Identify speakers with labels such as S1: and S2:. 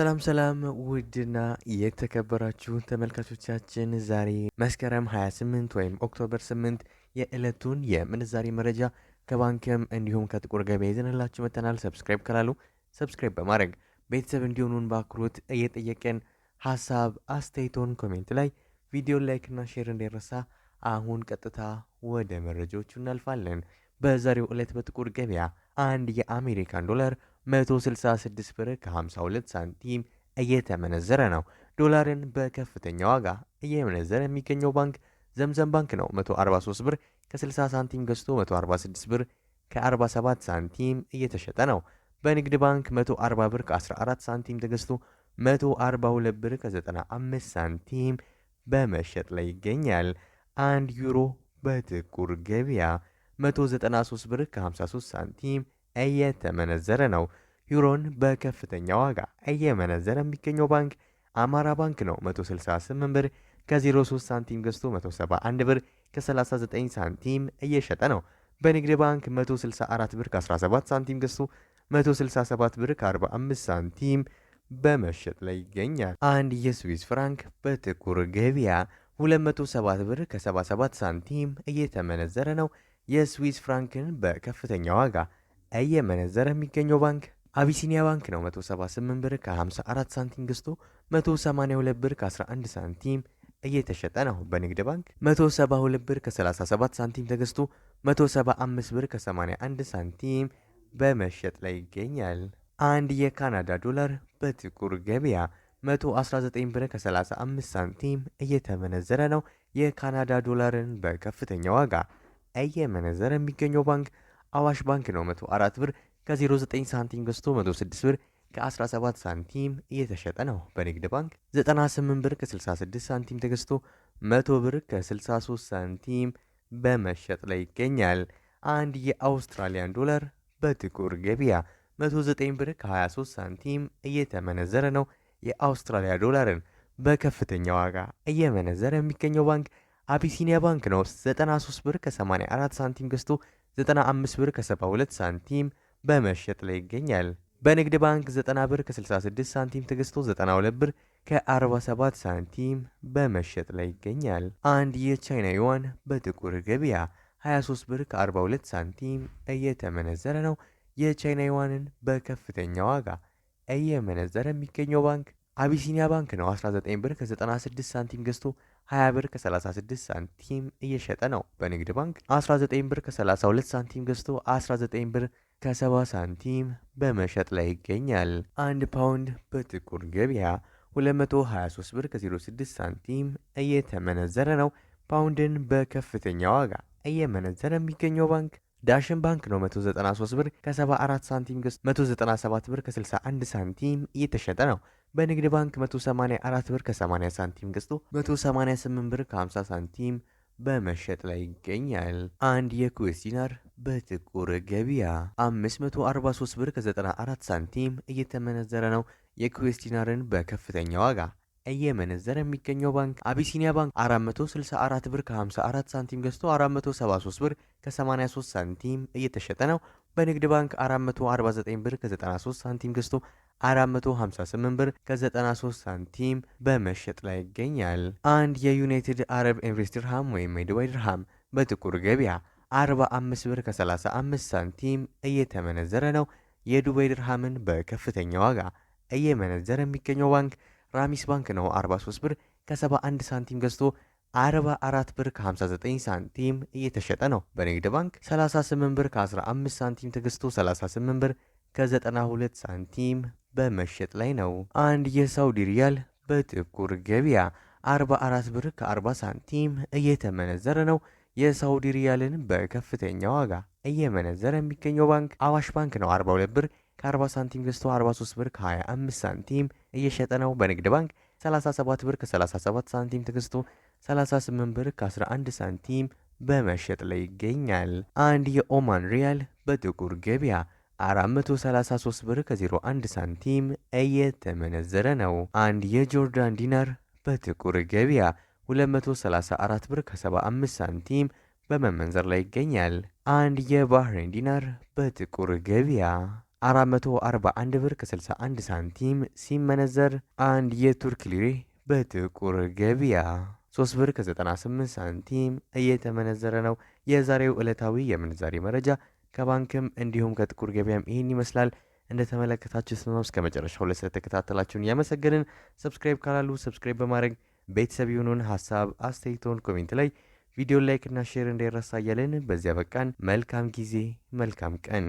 S1: ሰላም ሰላም ውድና የተከበራችሁን ተመልካቾቻችን ዛሬ መስከረም 28 ወይም ኦክቶበር 8 የዕለቱን የምንዛሬ መረጃ ከባንክም እንዲሁም ከጥቁር ገበያ ይዘንላችሁ መተናል። ሰብስክራይብ ካላሉ ሰብስክራይብ በማድረግ ቤተሰብ እንዲሆኑን በአክብሮት እየጠየቀን ሀሳብ አስተያየቶን ኮሜንት ላይ ቪዲዮ ላይክና ሼር እንዳይረሳ። አሁን ቀጥታ ወደ መረጃዎቹ እናልፋለን። በዛሬው ዕለት በጥቁር ገበያ አንድ የአሜሪካን ዶላር 166 ብር ከ52 ሳንቲም እየተመነዘረ ነው። ዶላርን በከፍተኛ ዋጋ እየመነዘረ የሚገኘው ባንክ ዘምዘም ባንክ ነው። 143 ብር ከ60 ሳንቲም ገዝቶ 146 ብር ከ47 ሳንቲም እየተሸጠ ነው። በንግድ ባንክ 140 ብር ከ14 ሳንቲም ተገዝቶ 142 ብር ከ95 ሳንቲም በመሸጥ ላይ ይገኛል። አንድ ዩሮ በጥቁር ገበያ 193 ብር ከ53 ሳንቲም እየተመነዘረ ነው። ዩሮን በከፍተኛ ዋጋ እየመነዘረ የሚገኘው ባንክ አማራ ባንክ ነው። 168 ብር ከ03 ሳንቲም ገዝቶ 171 ብር ከ39 ሳንቲም እየሸጠ ነው። በንግድ ባንክ 164 ብር ከ17 ሳንቲም ገዝቶ 167 ብር ከ45 ሳንቲም በመሸጥ ላይ ይገኛል። አንድ የስዊስ ፍራንክ በጥቁር ገበያ 207 ብር ከ77 ሳንቲም እየተመነዘረ ነው። የስዊስ ፍራንክን በከፍተኛ ዋጋ እየመነዘረ የሚገኘው ባንክ አቢሲኒያ ባንክ ነው። 178 ብር ከ54 ሳንቲም ገዝቶ 182 ብር ከ11 ሳንቲም እየተሸጠ ነው። በንግድ ባንክ 172 ብር ከ37 ሳንቲም ተገዝቶ 175 ብር ከ81 ሳንቲም በመሸጥ ላይ ይገኛል። አንድ የካናዳ ዶላር በጥቁር ገበያ 119 ብር ከ35 ሳንቲም እየተመነዘረ ነው። የካናዳ ዶላርን በከፍተኛ ዋጋ እየመነዘረ የሚገኘው ባንክ አዋሽ ባንክ ነው 104 ብር ከ09 ሳንቲም ገዝቶ 106 ብር ከ17 ሳንቲም እየተሸጠ ነው። በንግድ ባንክ 98 ብር ከ66 ሳንቲም ተገዝቶ 100 ብር ከ63 ሳንቲም በመሸጥ ላይ ይገኛል። አንድ የአውስትራሊያን ዶላር በጥቁር ገበያ 109 ብር ከ23 ሳንቲም እየተመነዘረ ነው። የአውስትራሊያ ዶላርን በከፍተኛ ዋጋ እየመነዘረ የሚገኘው ባንክ አቢሲኒያ ባንክ ነው 93 ብር ከ84 ሳንቲም ገዝቶ 95 ብር ከ72 ሳንቲም በመሸጥ ላይ ይገኛል። በንግድ ባንክ 90 ብር ከ66 ሳንቲም ተገዝቶ 92 ብር ከ47 ሳንቲም በመሸጥ ላይ ይገኛል። አንድ የቻይና ዩዋን በጥቁር ገበያ 23 ብር ከ42 ሳንቲም እየተመነዘረ ነው። የቻይና ዩዋንን በከፍተኛ ዋጋ እየመነዘረ የሚገኘው ባንክ አቢሲኒያ ባንክ ነው 19 ብር ከ96 ሳንቲም ገዝቶ 20 ብር ከ36 ሳንቲም እየሸጠ ነው። በንግድ ባንክ 19 ብር ከ32 ሳንቲም ገዝቶ 19 ብር ከ70 ሳንቲም በመሸጥ ላይ ይገኛል። አንድ ፓውንድ በጥቁር ገበያ 223 ብር ከ06 ሳንቲም እየተመነዘረ ነው። ፓውንድን በከፍተኛ ዋጋ እየመነዘረ የሚገኘው ባንክ ዳሽን ባንክ ነው። 193 ብር ከ74 ሳንቲም ገዝቶ 197 ብር ከ61 ሳንቲም እየተሸጠ ነው። በንግድ ባንክ 184 ብር ከ80 ሳንቲም ገዝቶ 188 ብር ከ50 ሳንቲም በመሸጥ ላይ ይገኛል። አንድ የኩዌስ ዲናር በጥቁር ገበያ 543 ብር ከ94 ሳንቲም እየተመነዘረ ነው። የኩዌስ ዲናርን በከፍተኛ ዋጋ እየመነዘረ የሚገኘው ባንክ አቢሲኒያ ባንክ 464 ብር ከ54 ሳንቲም ገዝቶ 473 ብር ከ83 ሳንቲም እየተሸጠ ነው። በንግድ ባንክ 449 ብር ከ93 ሳንቲም ገዝቶ 458 ብር ከ93 ሳንቲም በመሸጥ ላይ ይገኛል። አንድ የዩናይትድ አረብ ኤምሬትስ ድርሃም ወይም የዱባይ ድርሃም በጥቁር ገበያ 45 ብር ከ35 ሳንቲም እየተመነዘረ ነው። የዱባይ ድርሃምን በከፍተኛ ዋጋ እየመነዘረ የሚገኘው ባንክ ራሚስ ባንክ ነው። 43 ብር ከ71 ሳንቲም ገዝቶ 44 ብር ከ59 ሳንቲም እየተሸጠ ነው። በንግድ ባንክ 38 ብር ከ15 ሳንቲም ተገዝቶ 38 ብር ከ92 ሳንቲም በመሸጥ ላይ ነው። አንድ የሳውዲ ሪያል በጥቁር ገበያ 44 ብር ከ40 ሳንቲም እየተመነዘረ ነው። የሳውዲ ሪያልን በከፍተኛ ዋጋ እየመነዘረ የሚገኘው ባንክ አዋሽ ባንክ ነው። 42 ብር ከ40 ሳንቲም ገዝቶ 43 ብር ከ25 ሳንቲም እየሸጠ ነው። በንግድ ባንክ 37 ብር ከ37 ሳንቲም ተገዝቶ 38 ብር ከ11 ሳንቲም በመሸጥ ላይ ይገኛል። አንድ የኦማን ሪያል በጥቁር ገበያ 433 ብር ከ01 ሳንቲም እየተመነዘረ ነው። አንድ የጆርዳን ዲናር በጥቁር ገበያ 234 ብር ከ75 ሳንቲም በመመንዘር ላይ ይገኛል። አንድ የባህሬን ዲናር በጥቁር ገበያ 441 ብር ከ61 ሳንቲም ሲመነዘር አንድ የቱርክ ሊሬ በጥቁር ገበያ 3 ብር ከ98 ሳንቲም እየተመነዘረ ነው። የዛሬው ዕለታዊ የምንዛሬ መረጃ ከባንክም እንዲሁም ከጥቁር ገበያም ይህን ይመስላል። እንደተመለከታችሁት ነው። እስከ መጨረሻው ላይ ስለተከታተላችሁን እያመሰገንን ሰብስክራይብ ካላሉ ሰብስክራይብ በማድረግ ቤተሰብ የሆኑን ሀሳብ አስተያየቶን ኮሜንት ላይ ቪዲዮ ላይክ እና ሼር እንዳይረሳ እያለን በዚያ በቃን። መልካም ጊዜ፣ መልካም ቀን